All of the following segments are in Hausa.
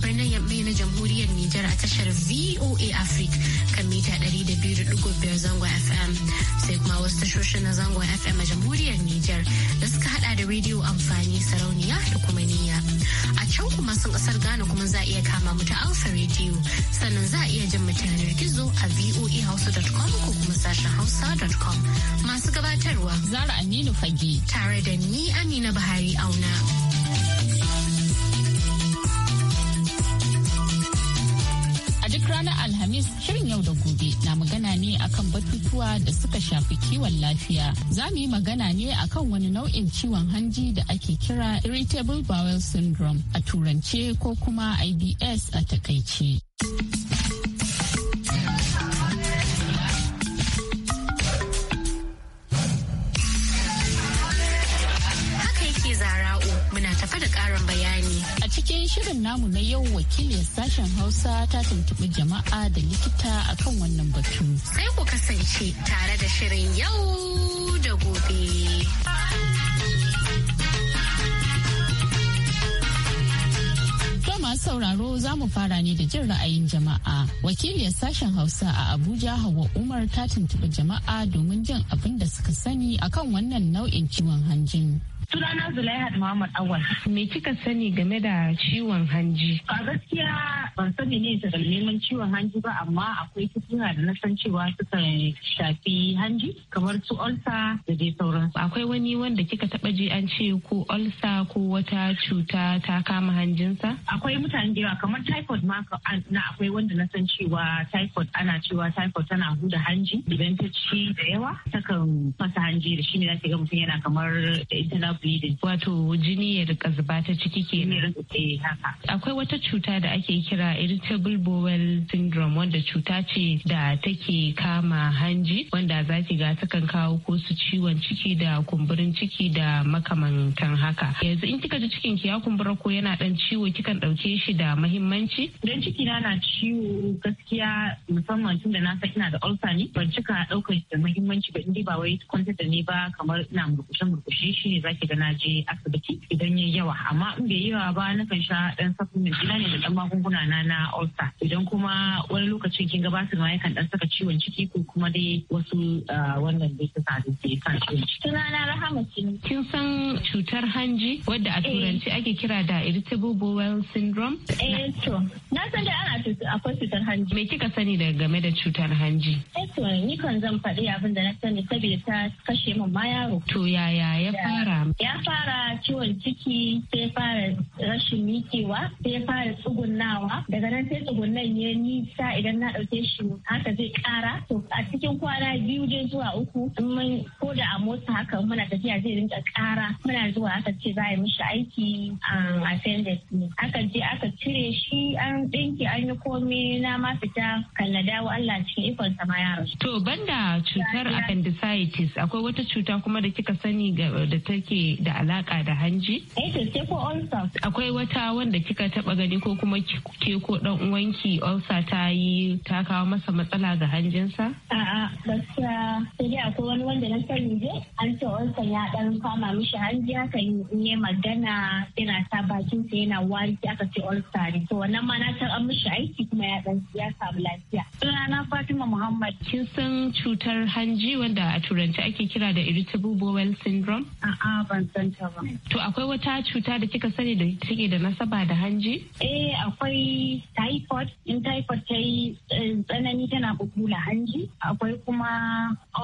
birnin yamma na jamhuriyar Nijar a tashar VOA Africa kan mita 200.5 zango FM sai kuma wasu tashoshin na zango FM a jamhuriyar Nijar da suka hada da rediyo amfani sarauniya da kuma niyya. A can kuma sun kasar Ghana kuma za a iya kama mu ta Alfa rediyo sannan za iya jin mu ta gizo a voahausa.com ko kuma sashen hausa.com masu gabatarwa Zara Aminu Fage tare da ni Amina Buhari Auna. Alhamis shirin yau da gobe na magana ne akan batutuwa da suka shafi kiwon lafiya. Za mu yi magana ne akan wani nau'in ciwon hanji da ake kira irritable bowel syndrome a turance ko kuma IBS a takaice. cikin shirin namu na yau wakilin sashen hausa ta tuntuɓi jama'a da likita akan wannan batu sai ku kasance tare da shirin yau da gobe. masu sauraro za mu fara ne da jin ra'ayin jama'a. Wakiliyar sashen Hausa a Abuja Hawa Umar ta tuntuɓi jama'a domin jin abin da suka sani akan wannan nau'in ciwon hanjin. Sunana Zulaihat Muhammad Awal. Me kika sani game da ciwon hanji? A gaskiya ban sani ne da neman ciwon hanji ba amma akwai cututtuka da na san cewa suka shafi hanji kamar su olsa da dai sauransu. Akwai wani wanda kika taba ji an ce ko olsa ko wata cuta ta kama hanjinsa? Akwai mutane da yawa kamar typhoid ma na akwai wanda na san cewa typhoid ana cewa typhoid tana huda hanji idan ta ci da yawa takan fasa hanji da shi ne za ga mutum yana kamar internal wato jini ya rika zuba ta ciki kenan eh, akwai wata cuta da ake kira irritable bowel syndrome wanda cuta ce da take kama hanji wanda za ki ga takan kawo ko su ciwon ciki da kumburin ciki da makamantan haka yanzu in kika ji cikin ki ya kumbura ko yana dan ciwo kikan dauke shi da mahimmanci dan ciki na na ciwo gaskiya musamman tun da na san ina da ulcer ne ban cika daukar shi da mahimmanci ba indai ba wai kwantar da ni ba kamar ina murkushe murkushe shi ne zaki da na je asibiti idan ya yawa amma in bai yawa ba na kan sha dan supplement ina ne da dan magunguna na na ulcer idan kuma wani lokacin kin ga basu ma yakan dan saka ciwon ciki ko kuma dai wasu ah, wannan dai ta sadu ke kan ciwon ciki na rahama kin san cutar hanji wadda a turanci ake kira da irritable bowel syndrome eh to na san da ana akwai cutar hanji me kika sani da game da cutar hanji eh to ni kan zan faɗi abin da na sani saboda ta kashe min ma yaro to yaya ya fara ya fara ciwon ciki sai fara rashin mikewa sai fara tsugunnawa daga nan sai tsugunnan ya nisa idan na ɗauke shi haka zai ƙara to a cikin kwana biyu dai zuwa uku in mun ko da a motsa haka muna tafiya zai rinka ƙara muna zuwa aka ce za a yi mishi aiki a um, appendix ne aka je aka cire shi an ɗinki an yi komai na ma fita kalla dawo Allah cikin ikon sama rasu. To banda cutar appendicitis akwai wata cuta kuma da kika sani da take da alaka da hanji? Eh ko ulcer. Akwai wata wanda kika taba gani ko kuma ke ko dan uwanki olsa ta yi ta kawo masa matsala ga hanjinsa? A'a, gaskiya sai dai akwai wani wanda na sani je an ce ulcer ya dan kama mishi hanji haka yi magana yana sa bakin sa yana wari aka ce olsa ne. To wannan ma na an mishi aiki kuma ya dan ya samu lafiya. Sunana Fatima Muhammad. Kin san cutar hanji wanda a turanci ake kira da irritable bowel syndrome? A'a, ban san ba. To akwai wata cuta da kika sani da take da nasaba da hanji? Eh akwai typhoid in typhoid ta yi eh, tsanani tana bukula hanji akwai kuma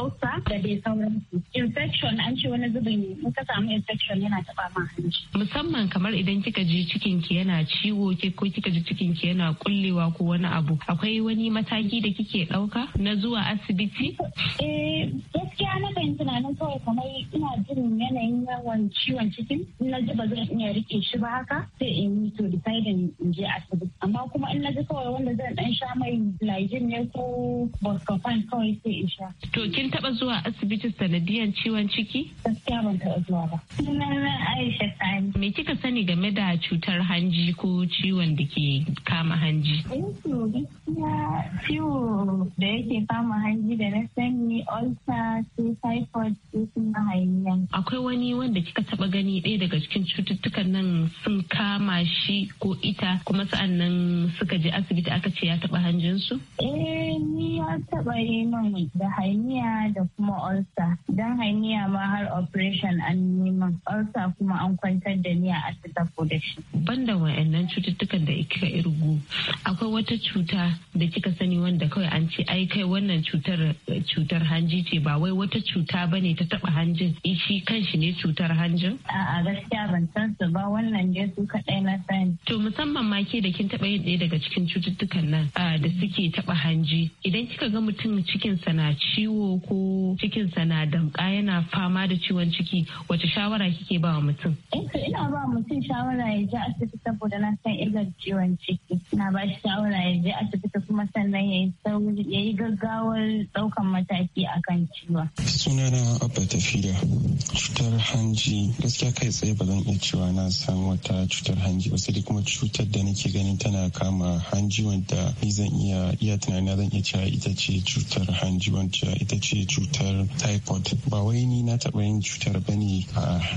ulcer da dai sauransu. Infection an ce wani zubin in ka samu infection yana taba ma hanji. Musamman kamar idan kika ji cikin ki yana ciwo ko kika ji cikin ki yana kullewa ko wani abu akwai wani mataki da kike dauka na zuwa asibiti? Eh gaskiya na kan tunanin kawai kamar ina jin yanayin yawan ciwon cikin na ji ba zan iya rike shi ba haka sai in yi to decide in je asibiti amma kuma in na ji kawai wanda zan dan sha mai lajin ne ko boscofan kawai sai in sha. To kin taba zuwa asibiti sanadiyan ciwon ciki? Gaskiya ban taba zuwa ba. na Aisha Sani. Me kika sani game da cutar hanji ko ciwon da ke kama hanji? Eh ciwo da yake kama hanji da na sani ulcer, typhoid, sai kuma hanyar. Akwai wani wanda kika taba gani ɗaya daga cikin cututtukan nan sun kama shi ko ita kuma sa'an nan suka je asibiti aka ce ya taba hanjinsu? Eh, ni an taɓa yi min da hainiya da kuma ulcer. Don hainiya ma har operation an yi min ulcer kuma an kwantar da ni a asibiti da shi. Banda wa'annan cututtukan da kika irgu akwai wata cuta da kika sani wanda kawai an ce ai kai wannan cutar cutar hanji ce ba wai wata cuta bane ta taɓa hanjin shi kanshi ne cutar hanjin? A'a gaskiya ban san su ba wannan dai su kaɗai na sani. To musamman ma ke da kin taɓa yin ɗaya daga cikin cututtukan nan ah, da suke taɓa hanji idan kika ga mutum cikinsa na ciwo ko cikinsa na damƙa yana fama da ciwon ciki wace shawara kike ba wa mutum? Eh, ina ba mutum shawara ya je asibiti saboda na san irin ciwon ciki. Na ba shi shawara ya je asibiti kuma sannan ya yi gaggawar ɗaukan mataki akan ciwon. Sunana Abba tafiya cutar hanji gaskiya kai tsaye ba zan iya cewa na san wata cutar hanji ba sai kuma cutar da nake ganin tana kama hanji wanda ni zan iya iya tunani zan iya cewa ita ce cutar hanji wancan ita ce cutar typhoid ba wai ni na taba yin cutar ba ne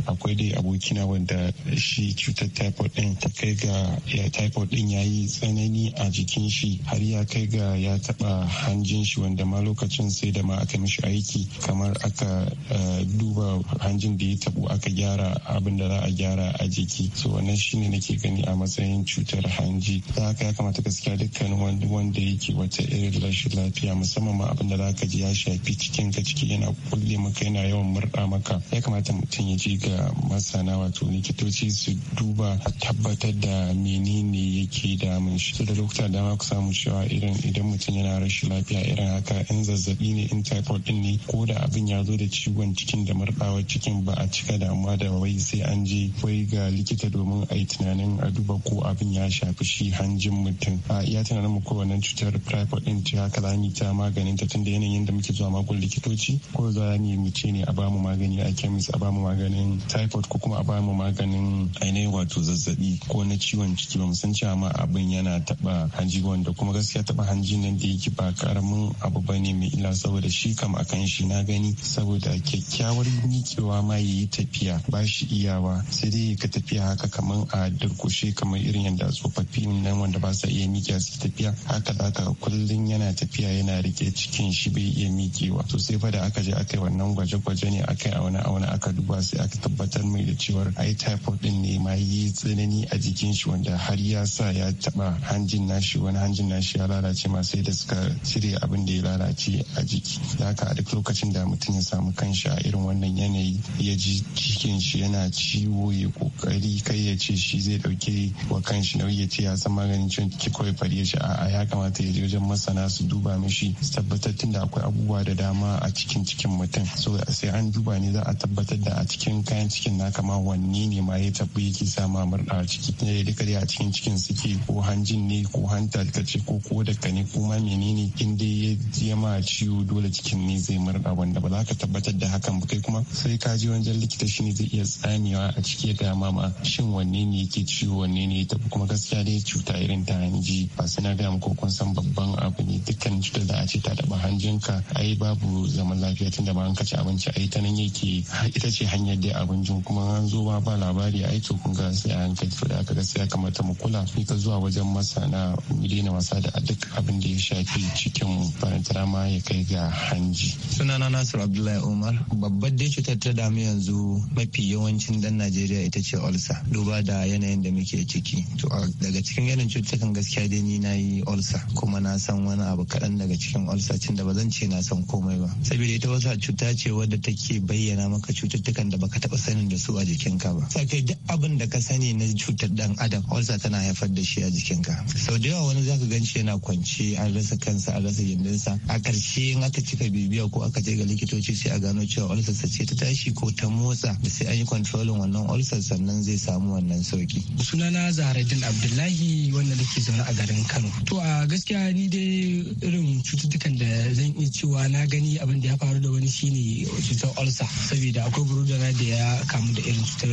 akwai dai abokina wanda shi cutar typhoid din ta kai ga ya typhoid ɗin ya yi tsanani a jikin shi har ya kai ga ya taba hanjin shi wanda ma lokacin sai da ma aka mishi aiki kamar aka eh, duba hanjin da ya tabo aka gyara abin da za a gyara a jiki so wannan shine nake gani a matsayin cutar hanji za haka ya kamata gaskiya dukkan wanda yake wata irin rashin lafiya lafiya musamman ma abin da za ka ji ya shafi cikin ka ciki yana kulle maka yana yawan murɗa maka ya kamata mutum ya ji ga masana wato likitoci su duba tabbatar da menene yake damun shi da lokuta dama ku samu cewa irin idan mutum yana rashin lafiya irin haka in zazzabi ne in typhoid din ne ko da abin ya zo da ciwon cikin da murɗawar cikin ba a cika damuwa da wai sai an je wai ga likita domin a yi tunanin a duba ko abin ya shafi shi hanjin mutum a iya tunanin mu ko wannan cutar typhoid din ce haka za yi ta maganin ta tunda yanayin da muke zuwa makon likitoci ko za mu mu ce ne a bamu magani a kemis a bamu maganin typhoid ko kuma a bamu maganin ainihin wato zazzabi ko na ciwon ciki ba mu san cewa ma abin yana taba hanji wanda kuma gaskiya taba hanji nan da yake ba karamin abu ba ne mai illa saboda shi kam a kan shi na gani saboda kyakkyawar miƙewa ma ya yi tafiya ba shi iyawa sai dai ka tafiya haka kamar a durkushe kamar irin yadda tsofaffi nan wanda ba sa iya miƙe su tafiya haka da haka kullum yana tafiya lafiya yana rike cikin shi bai iya miƙewa to sai fa da aka je aka yi wannan gwaje-gwaje ne aka yi auna auna aka duba sai aka tabbatar mai da cewar ai typhoid din ne ma yi tsanani a jikin shi wanda har ya sa ya taba hanjin nashi wani hanjin nashi ya lalace ma sai da suka cire abin da ya lalace a jiki da haka a duk lokacin da mutum ya samu kanshi a irin wannan yanayi ya ji cikin shi yana ciwo ya kokari kai ya ce shi zai dauke wa kanshi nauyi ya ce ya san maganin ciwon ciki kawai fari ya a'a ya kamata ya je wajen masana su duba shi tabbatar da akwai abubuwa da dama a cikin cikin mutum so sai an duba ne za a tabbatar da a cikin kayan cikin na kama wanne ne ma ya tabbi yake sa ma murɗa a ciki ne da a cikin cikin suke ko hanjin ne ko hanta ka ce ko ko da ka ne ko ma menene in dai ya ma ciwo dole cikin ne zai murɗa wanda ba za ka tabbatar da hakan ba kai kuma sai ka je wajen likita ne zai iya tsanewa a ciki ga ma shin wanne ne yake ciwo wanne ne ya tafi kuma gaskiya dai cuta irin ta hanji ba sai na ko kun san babban abu ne dukkan cutar da a ce ta taba hanjinka ai babu zaman lafiya tunda ba an kaci abinci ai ta nan yake ita ce hanyar dai abincin kuma an zo ba ba labari ai to kun ga sai an hankali to da aka sai ya mata mu kula ka zuwa wajen masana mu daina wasa da duk abin da ya shafi cikin farantara ma ya kai ga hanji. Sunana nasir Abdullahi Umar babbar dai cutar ta damu yanzu mafi yawancin dan Najeriya ita ce olsa duba da yanayin da muke ciki. To daga cikin yanayin cutukan gaskiya dai ni na yi olsa kuma na san wani abu kaɗan daga cikin ulcer cin da ba zan ce na san komai ba saboda ita wasa cuta ce wadda take bayyana maka cututtukan da baka taba sanin da su a jikinka ba kai duk abin da ka sani na cutar dan adam ulcer tana haifar da shi a jikin ka. sau da yawa wani zaka ganci yana kwance an rasa kansa an rasa gindinsa a karshe in aka cika bibiya ko aka je ga likitoci sai a gano cewa ulcer ce ta tashi ko ta motsa da sai an yi kontrolin wannan ulcer sannan zai samu wannan sauki sunana zaharaddin abdullahi wanda nake zaune a garin kano to a gaskiya ni dai irin irin cututtukan da zan iya cewa na gani abin da ya faru da wani shine cutar olsa saboda akwai burudana da ya kamu da irin cutar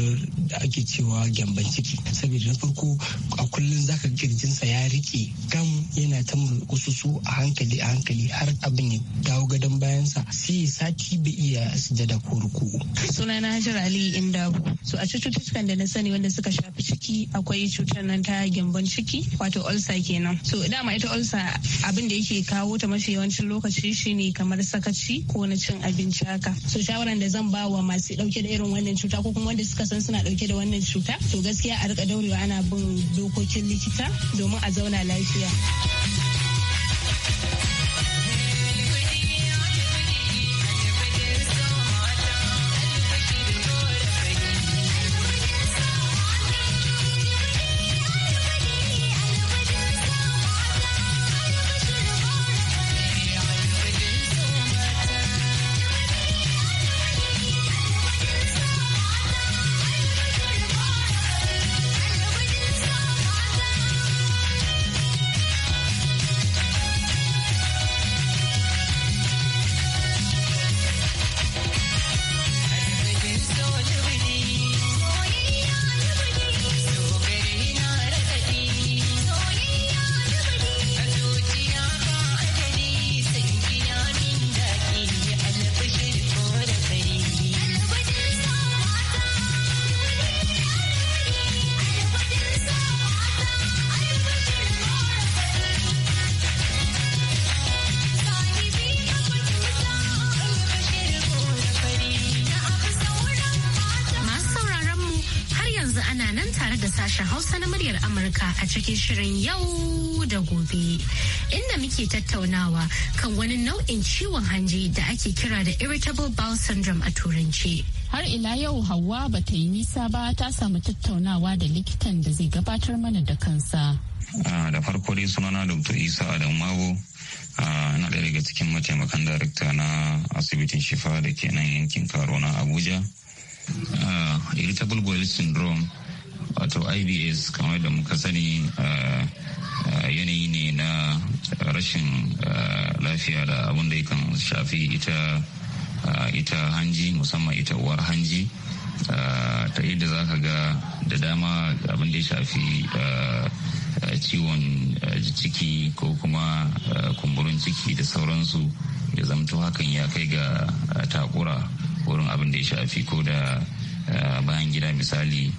da ake cewa gyamban ciki saboda na farko a kullum zaka kirjinsa ya rike gam yana ta murkususu a hankali a hankali har abin ya dawo gadon bayansa sai sati bai iya sujada ko ruku sunana hajar ali indabu so a cututtukan da na sani wanda suka shafi ciki akwai cutar nan ta gyamban ciki wato olsa kenan so dama ita olsa abin da yake kawo kawo ta mafi yawancin lokaci shine kamar sakaci ko na cin abinci haka so shawaran da zan ba wa masu dauke da irin wannan cuta ko kuma wanda suka san suna dauke da wannan cuta to gaskiya a rika daurewa ana bin dokokin likita domin a zauna lafiya. shirin yau da gobe inda muke tattaunawa kan wani nau'in ciwon hanji da ake kira da irritable bowel syndrome a turanci. Har ila yau Hauwa ba ta yi nisa ba ta samu tattaunawa da likitan da zai gabatar mana da kansa. Da farko dai sunana Dr. Isa Adamu Mago na ɗaya daga cikin mataimakan darakta na asibitin shifa da ke nan yankin Karo na Abuja. Irritable bowel syndrome wato ibs kamar da muka sani uh, uh, yanayi ne na rashin uh, lafiya da abin da yakan shafi ita ita hanji musamman ita uwar hanji ta yadda za ka ga da dama abin da ya shafi ciwon ciki ko kuma kumburin ciki da sauransu ya zamto hakan ya kai ga takura wurin abin da ya shafi ko da bayan gida misali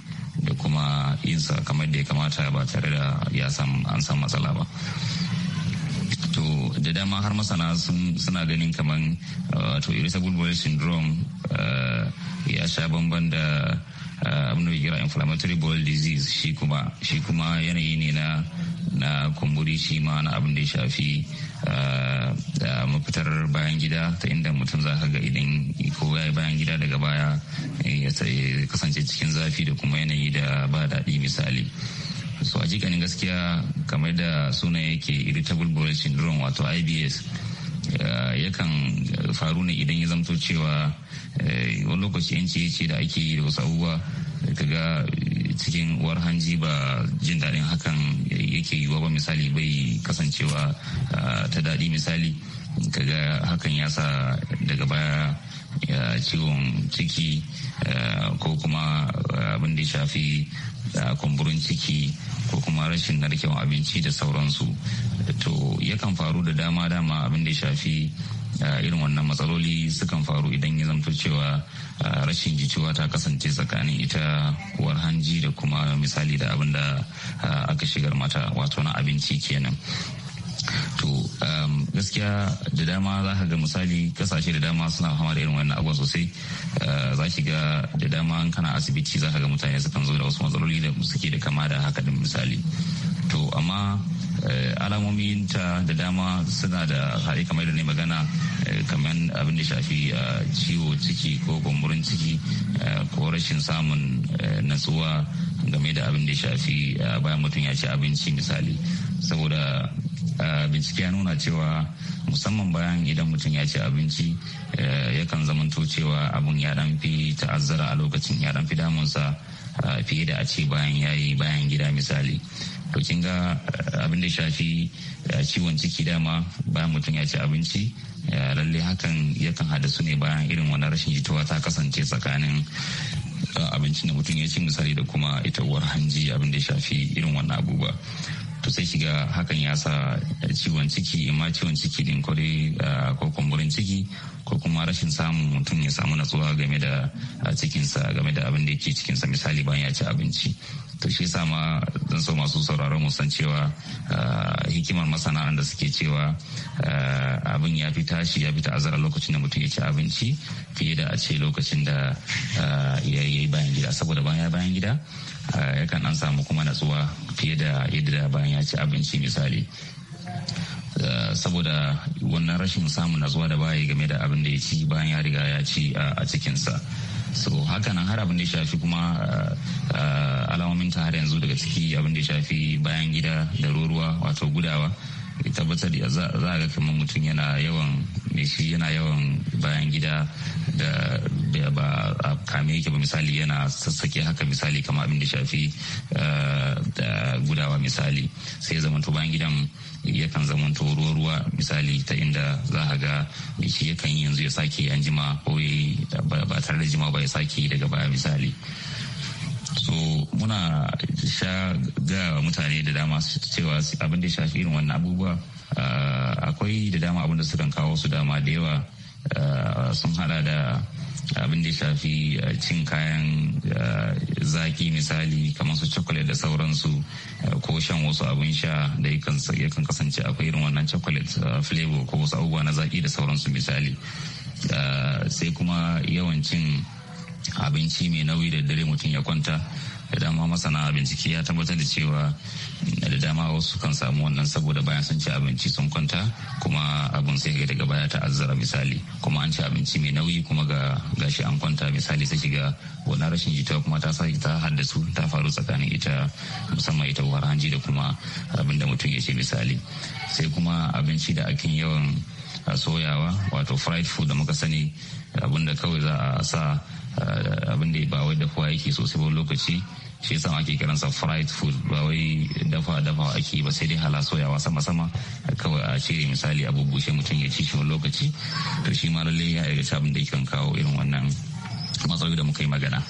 da kuma yinsa kamar da ya kamata ba tare da ya san an san matsala ba to da dama har masana suna ganin kamar eh, to irisa bowel syndrome eh, ya sha bamban da abin eh, da kira inflammatory bowel disease shi kuma shi kuma yanayi ne na na kumburi shi ma na abin da ya shafi da eh, eh, mafitar bayan gida ta inda mutum za ka ga idan ko ya bayan gida daga baya ya kasance cikin zafi da kuma yanayi da ba daɗi misali so a jikanin gaskiya kamar da suna yake irritable bowel syndrome wato ibs Eh, yakan faru ne idan ya zamto cewa eh, wani lokaci yanci ce da ake yi da wasu abubuwa kaga cikin war hanji ba jin daɗin hakan yake yiwuwa ba misali bai kasancewa ah, ta daɗi misali kaga hakan ya sa daga baya ciwon ciki eh, ko kuma eh, abin da shafi eh, kumburin ciki ko kuma rashin narkewan abinci da sauransu to yakan faru da dama dama abin da ya shafi irin wannan matsaloli sukan faru idan ya zamto cewa rashin jituwa ta kasance tsakanin ita uwar hanji da kuma misali da abin da aka shigar mata wato na abinci kenan to um, gaskiya da dama za ka ga misali kasashe da dama suna fama da irin wannan abubuwan sosai uh, za ki ga da dama kana asibiti za ka ga mutane sukan zo da wasu matsaloli da suke da kama da haka da misali to amma uh, alamomin ta da dama suna da hari kamar da ne magana uh, kamar abin da shafi ciwo ciki ko kumburin ciki ko rashin samun natsuwa game da abin da shafi bayan mutum ya ci abinci misali saboda Eh, bincike ya nuna cewa musamman bayan idan mutum ya ci abinci eh, yakan zamanto cewa abin ya dan fi ta'azzara a lokacin ya dan fi damunsa eh, fiye da a ce bayan yayi bayan gida misali to kin ga abin da shafi ciwon ciki dama bayan mutum ya ci abinci lalle hakan yakan haddasu ne bayan irin wani rashin jituwa ta kasance tsakanin abincin da mutum ya ci misali da kuma ita uwar hanji abin da shafi irin wannan abubuwa to sai shiga hakan ya sa ciwon ciki ma ciwon ciki din kwarai ko kumburin ciki ko kuma rashin samun mutum ya samu natsuwa game da cikinsa game da abin da yake cikinsa misali bayan ya ci abinci to shi sa ma zan so masu sauraron mu san cewa eh, hikimar masana'an da suke cewa eh, abin ya fi tashi ya fi ta'azara lokacin da mutum ya ci abinci fiye da a ce lokacin da eh, ya yi bayan gida saboda bayan bayan gida yakan an samu kuma natsuwa fiye da yadda bayan ya ci abinci misali saboda wannan rashin samun natsuwa da baya game da abin da ya ci bayan ya riga ya ci a cikinsa. so haka nan har abin da ya shafi kuma eh, eh, alamomin ta har yanzu daga ciki abin da ya shafi bayan gida da ruwa wato gudawa tabbatar da za a ga kamar mutum yana yawan shi yana yawan bayan gida da ba a kame yake ba misali yana sassake haka misali kamar abin da shafi eh, da gudawa misali sai zamanto bayan gidan yakan zamanto ruwa ruwa misali ta inda za a ga shi yakan yanzu ya sake yan jima ko ba tare da jima ba ya sake daga baya misali so muna sha ga mutane da dama su cewa abin da shafi irin wannan abubuwa ah, akwai da dama abin da sukan kawo su dama da yawa ah, sun hada da abin da shafi ah, cin kayan zaki misali kamar su chocolate da sauransu ko shan wasu abin sha da yakan kasance akwai irin wannan chocolate flavor ko wasu abubuwa na zaki da sauransu misali sai kuma yawancin abinci mai nauyi da dare mutum ya kwanta da dama masana bincike ya tabbatar da cewa eh, da dama wasu kan samu wannan saboda bayan sun ci abinci sun kwanta kuma abin sai daga baya ta azzara misali kuma an ci abinci mai nauyi kuma ga gashi an kwanta misali sai shiga wannan rashin jituwa kuma ta sake ta haddasu ta faru tsakanin ita musamman ita uwar hanji da kuma abin da mutum ya ce misali sai kuma abinci da akin yawan soyawa wato fried food da muka sani abin da kawai za a sa Eh, abin da ba wai dafuwa yake sosai ba lokaci shi yasa ake kiransa fried food ba wai dafa dafa ake ba sai dai hala soyawa sama sama kawai a cire misali a bushe mutum ya ci shi wani lokaci to shi ma lallai ya iya abin da kan kawo irin wannan matsayi da muka yi magana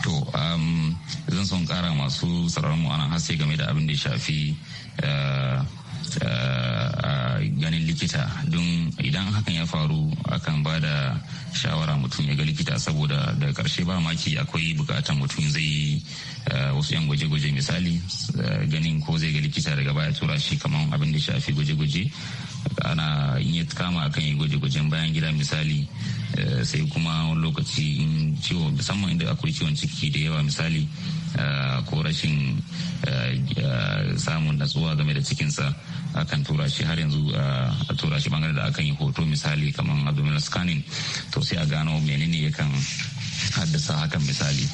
to um, zan son kara masu sararin mu anan haske game da abin da ya shafi eh, a eh, eh, ganin likita don idan hakan ya faru akan ba da shawara mutum ya ga likita saboda da karshe ba maki akwai bukatan mutum zai eh, wasu yan gwaje-gwaje misali ganin ko zai ga likita daga baya tura shi kamar abin da shafi gwaje-gwaje ana in ya kama akan yi gwaje-gwajen bayan gida misali Eh, sai kuma wani lokaci in ciwo musamman inda akwai ciwon ciki da yawa misali eh, ko rashin eh, samun natsuwa game da cikinsa akan tura shi har yanzu a tura shi bangare da akan yi hoto misali kamar abdominal scanning to sai a gano menene yakan haddasa hakan misali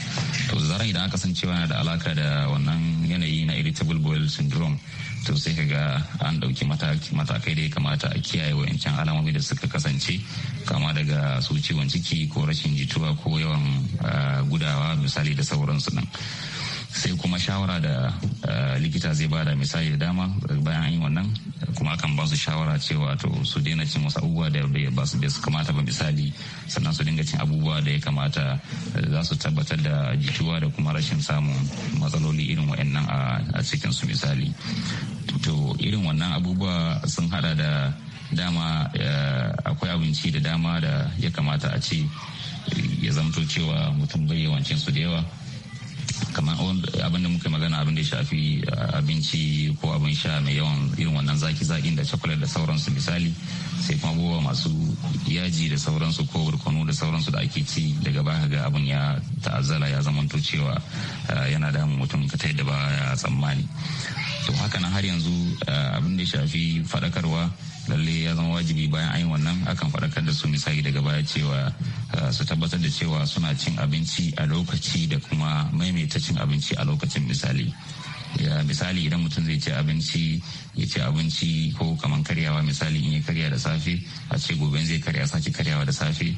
to zaran idan aka san cewa yana da alaka da wannan yanayi na irritable bowel syndrome to sai ka ga an dauki matakai da ya kamata a kiyaye wayancan alamomi da suka kasance kama daga su ciwon ciki ko rashin jituwa ko yawan ah, gudawa misali da sauransu nan. sai kuma shawara da eh, likita zai ba da misali da dama bayan an yi wannan kuma akan ba su shawara cewa to su daina cin wasu abubuwa da ba su su kamata ba misali sannan su dinga cin abubuwa da ya kamata eh, za su tabbatar da jituwa da kuma rashin samun matsaloli irin waɗannan a cikin su misali to irin wannan abubuwa sun hada da dama eh, akwai abinci da dama da ya kamata a ce ya zamto cewa mutum bai yawancin su da yawa kamar abin da muka magana abin da shafi uh, abinci ko abin sha mai yawan irin wannan zaki zakin da chocolate da sauransu misali sai kuma abubuwa masu yaji da sauransu ko barkono da sauransu da ake ci daga baya ga abin ya ta'azzala ya zamanto cewa uh, yana damun mutum ka ta yadda ba ya tsammani to haka nan har yanzu eh, abin da shafi faɗakarwa lalle ya zama wajibi bayan ayin wannan akan faɗakar da su misali daga baya cewa eh, su tabbatar da cewa suna cin abinci a lokaci da kuma maimaita cin abinci a lokacin misali ya misali idan mutum zai ci abinci ya ci abinci ko kaman karyawa misali in ya karya da safe a ce gobe zai karya sake karyawa da safe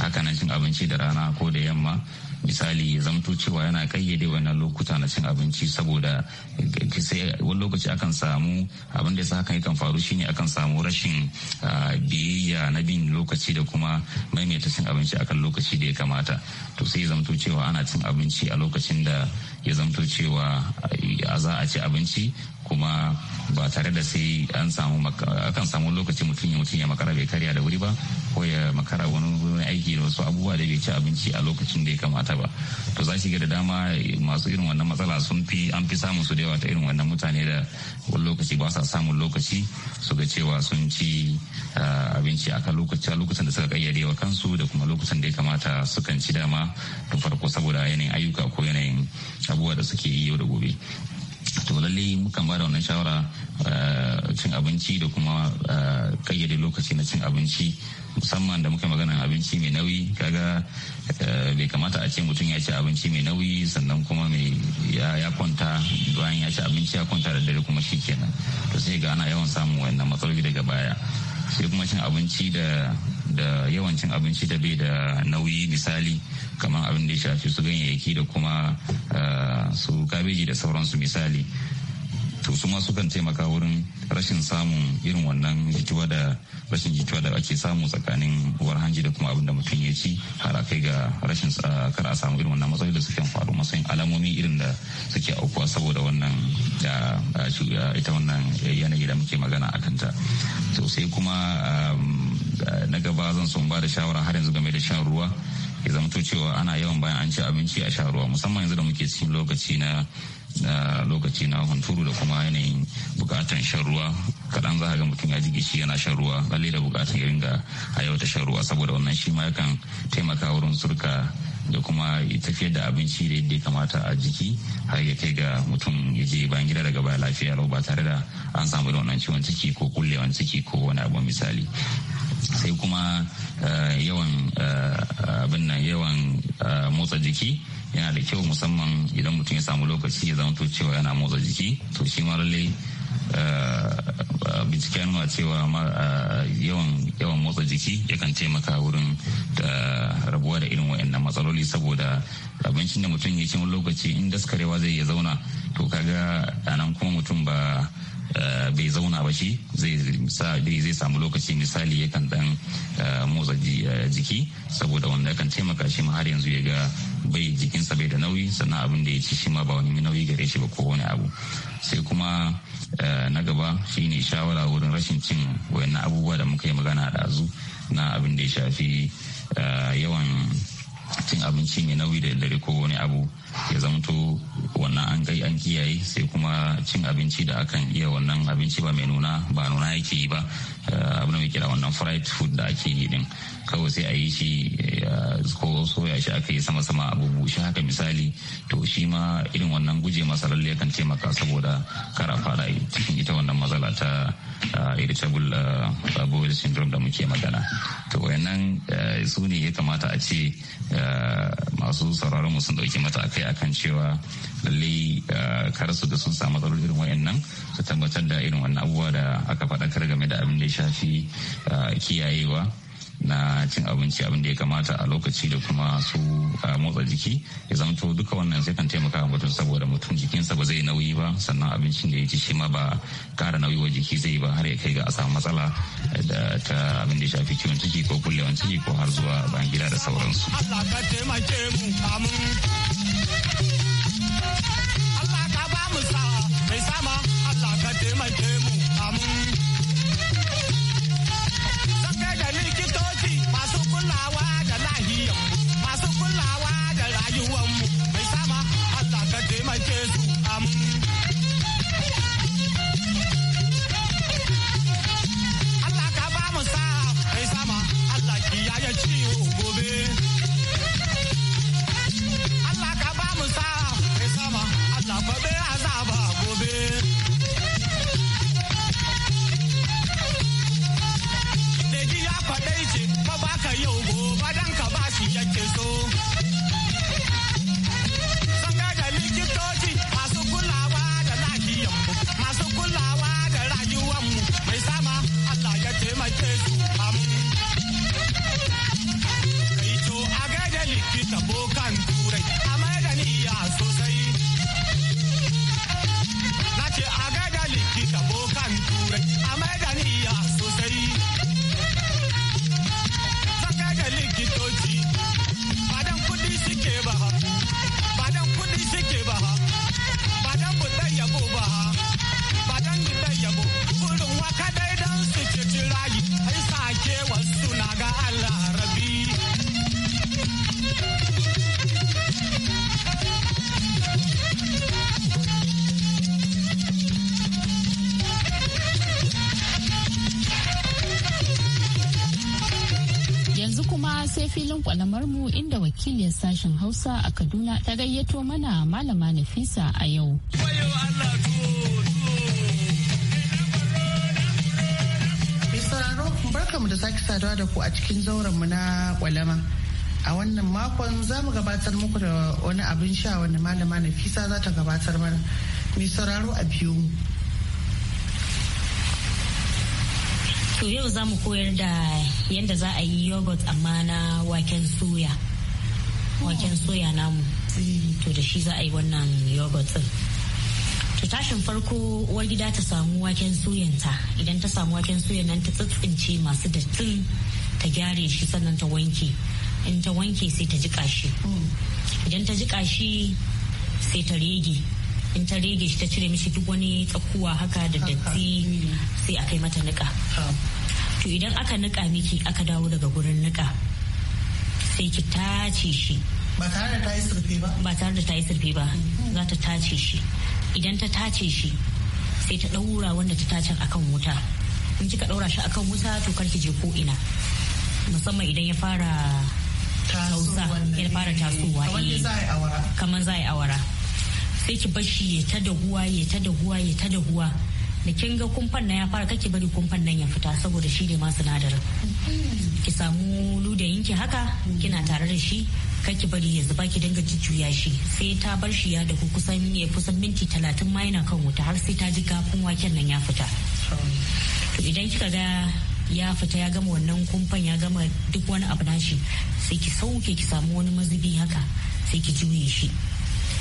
hakanan cin abinci da rana ko da yamma misali ya zamto cewa yana kayyade wannan lokuta na cin abinci saboda eh, sai wani lokaci akan samu abin da ya sa hakan yakan faru shine akan samu rashin ah, biyayya na bin lokaci da kuma maimaita cin abinci akan lokaci da ya kamata to sai ya zamto cewa ana cin abinci a lokacin da ya zamto cewa eh, za a ci abinci kuma ba tare da sai an samu akan samu lokaci mutum ya mutum ya makara bai karya da wuri ba ko ya makara wani wurin aiki da wasu abubuwa da bai ci abinci a lokacin da ya kamata ba to za shi ga da dama masu irin wannan matsala sun fi an fi samun su da yawa ta irin wannan mutane da wani lokaci ba sa samun lokaci su ga cewa sun ci ah, abinci a kan lokaci a lokacin da suka kayyade wa kansu da kuma lokacin da ya kamata sukan ci dama tun farko saboda yanayin ayyuka ko yanayin abubuwa da suke yi yau da gobe to lallai mukan ba da wannan shawara eh, cin abinci da kuma eh, kayyade lokaci na cin abinci musamman da muka magana abinci mai nauyi kaga eh, bai kamata a ce mutum ya ci abinci mai nauyi sannan kuma mai ya kwanta bayan ya ci abinci ya kwanta da dare kuma shi kenan to sai ga ana yawan samun wannan matsaloli daga baya sai kuma cin abinci da da yawancin abinci da bai da nauyi misali kamar abin da ya shafi su ganyayyaki da kuma eh, su kabeji da sauransu misali to su ma sukan taimaka wurin rashin samun irin wannan jituwa da rashin jituwa da ake samu tsakanin uwar hanji da kuma abin da mutum ya ci har kai ga rashin kar a samu irin wannan matsaloli da suke faru matsayin alamomi irin da suke aukuwa saboda wannan da eh, eh, ita wannan yanayi da muke magana a kanta to sai kuma Eh, na gaba zan so ba da shawara har yanzu game da shan ruwa ya zama to cewa ana yawan bayan an ci abinci a sha ruwa musamman yanzu da muke cikin lokaci na lokaci na hunturu da kuma yanayin bukatan shan ruwa kaɗan za a ga mutum ya ji gishi yana shan ruwa lalle da bukatan ya ringa ta shan ruwa saboda wannan shi ma yakan taimaka wurin surka da kuma tafiyar da abinci da yadda ya kamata a jiki har ya kai ga mutum ya je bayan gida daga baya lafiya lau ba tare da an samu da wannan ciwon ciki ko kullewan ciki ko wani abu misali sai kuma eh, yawan eh, abin nan yawan eh, motsa jiki yana da kyau musamman idan mutum ya samu lokaci ya zama to cewa yana motsa jiki to shi ma bincike binciken nuna cewa yawan yawan motsa jiki yakan taimaka wurin da rabuwa da irin wa'annan matsaloli saboda abincin da mutum ya ci lokaci in daskarewa zai ya zauna to kaga anan kuma mutum ba Eh, bai zauna ba shi zai samu lokaci misali ya kan dan eh, motsa eh, jiki saboda wanda kan taimaka shi ma har yanzu ya ga bai jikinsa bai da nauyi sannan abin da ya ci shi ma ba wani nauyi gare shi ba ko wani abu sai kuma na gaba shine shawara wurin rashin cin wayannan abubuwa da muka yi magana da azu na abin da ya shafi yawan cin abinci mai nauyi da dare ko wani abu ya zamto wannan an kai an kiyaye sai kuma cin abinci da akan iya wannan abinci ba mai nuna ba nuna yake yi ba eh, abin da kira wannan fried food da ake yi din kawai sai a yi shi eh, ko soya shi aka yi sama sama abubu shi haka misali to shi ma irin wannan guje masa lalle kan taimaka saboda kara fara cikin ita wannan matsala ta Ah, irritable ah, bowel syndrome da muke magana to wayannan eh, su ne ya kamata a ce eh, masu sauraron mu sun dauki mata akai akan cewa lalle eh, kar su da sun samu irin wayannan su tabbatar da irin wannan abubuwa da aka faɗakar game da abin da ya shafi kiyayewa na cin abinci abin da ya kamata a lokaci da kuma su motsa jiki ya zamto duka wannan sai kan taimaka wa mutum saboda mutum jikinsa ba zai nauyi ba sannan abincin da ya ci shi ma ba kara nauyi wa jiki zai ba har ya kai ga a samu matsala da ta abin da ya shafi ciwon ciki ko kullewan ciki ko har zuwa bayan gida da sauransu. Allah ka taimake mu amin. Allah ka ba mu sa'a mai sama Allah ka taimake mu amin. kashe I'm. filin kwalamar mu inda wakiliyar sashen Hausa a Kaduna ta gayyato mana malama Nafisa a yau. sauraro barkamu da sake saduwa da ku a cikin zauren mu na kwalama. a wannan makon za mu gabatar muku da wani abin sha wanda malama nafisa za ta gabatar mana mai sauraro a biyu To yau za mu koyar da yadda za a yi yogurt amma na waken soya. Waken soya namu. To da shi za a yi wannan yogurt din. To tashin farko uwar gida ta samu waken soyanta. Idan ta samu waken soyan nan ta tsintsince masu dattin ta gyare shi sannan ta wanke. In ta wanke sai ta jiƙa shi. Idan ta jiƙa shi sai ta rege. in ta rege shi ta cire mishi duk wani tsakuwa haka da datti sai a kai mata niƙa. to idan aka nika miki aka dawo daga gurin nika sai ki tace shi ba tare da ta yi surfe ba ba tare da ta yi surfe ba za ta tace shi idan ta tace shi sai ta ɗaura wanda ta tacen akan wuta in kika ɗaura shi akan wuta to kar ki je ko ina musamman idan ya fara ya fara eh. za a yi awara sai ki bashi ya ta dahuwa ya ta dahuwa ya ta dahuwa da kin ga kumfan nan ya fara kake bari kumfan nan ya fita saboda shi ne ma sinadarin ki samu luda ki haka kina tare da shi kake bari ya zuba ki dinga jujjuya shi sai ta bar shi ya dafu kusan ya kusan minti talatin ma yana kan wuta har sai ta ji gafin waken nan ya fita to idan kika ga ya fita ya gama wannan kumfan ya gama duk wani abu nashi sai ki sauke ki samu wani mazubi haka sai ki juye shi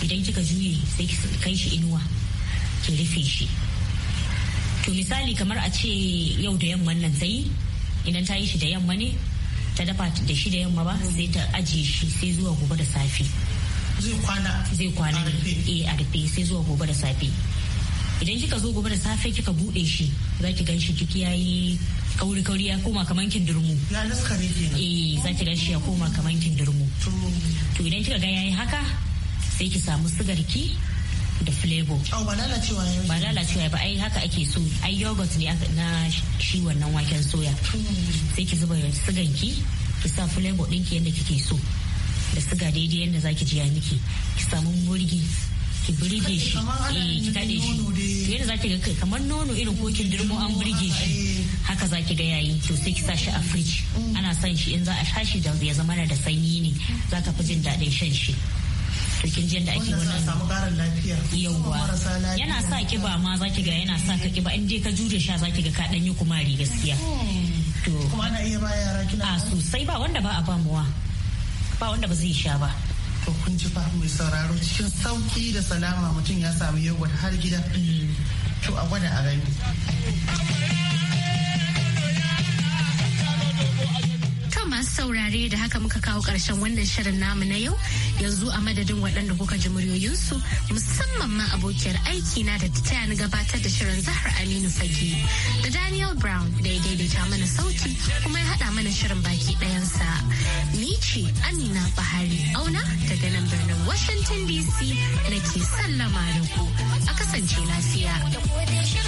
idan kika juye sai ki kai shi inuwa ki rufe shi to misali kamar a ce yau da yamman nan ta yi idan ta yi shi da yamma ne ta dafa da shi da yamma ba sai ta ajiye shi sai zuwa gobe da safe zai kwana zai kwana ne eh, a rufe sai zuwa gobe da safe idan kika zo gobe da safe kika bude shi za ki gan shi yayi kauri kauri ya koma kaman durmu. ya naskare kenan eh za ki gan shi ya koma kaman durmu. to idan kika ga yayi haka sai ki samu sigarki. ki da flavor. Oh, ba lalacewa ne? Ba lalacewa ba ai haka ake so. Ai yogurt ne na shi wannan waken soya. Sai ki zuba sugan ki, ki sa flavor ɗinki yadda kike so. Da suga daidai yadda za ki ji ya miki. Ki samu murgi ki burge shi eh ki kade shi yadda zaki ga kamar nono irin ko kin dirmo an burge shi haka zaki ga yayi to sai ki sa shi a fridge mm. ana son shi in za a sha shi da ya zama da sanyi ne zaka fi jin daɗin shan shi cikin jin da ake wannan samu karin lafiya yauwa yana sa kiba ma zaki ga yana sa ka kiba in dai ka jure sha zaki ga ka danyi kumari gaskiya to kuma ana iya ba yara kina a sosai ba wanda ba a ba muwa ba wanda ba zai sha ba to kun ji ba mai sauraro cikin sauki da salama mutum ya samu yauwa har gida mm. to a gwada a gani saurare da haka muka kawo ƙarshen wannan shirin namu na yau yanzu a madadin waɗanda kuka ji muryoyinsu musamman ma abokiyar aiki na da ta ni gabatar da shirin Zahra Aminu Fage da Daniel Brown da ya daidaita mana sauti kuma ya haɗa mana shirin baki ɗayansa. Ni ce Amina Bahari Auna daga nan birnin Washington DC nake sallama da ku a kasance lafiya.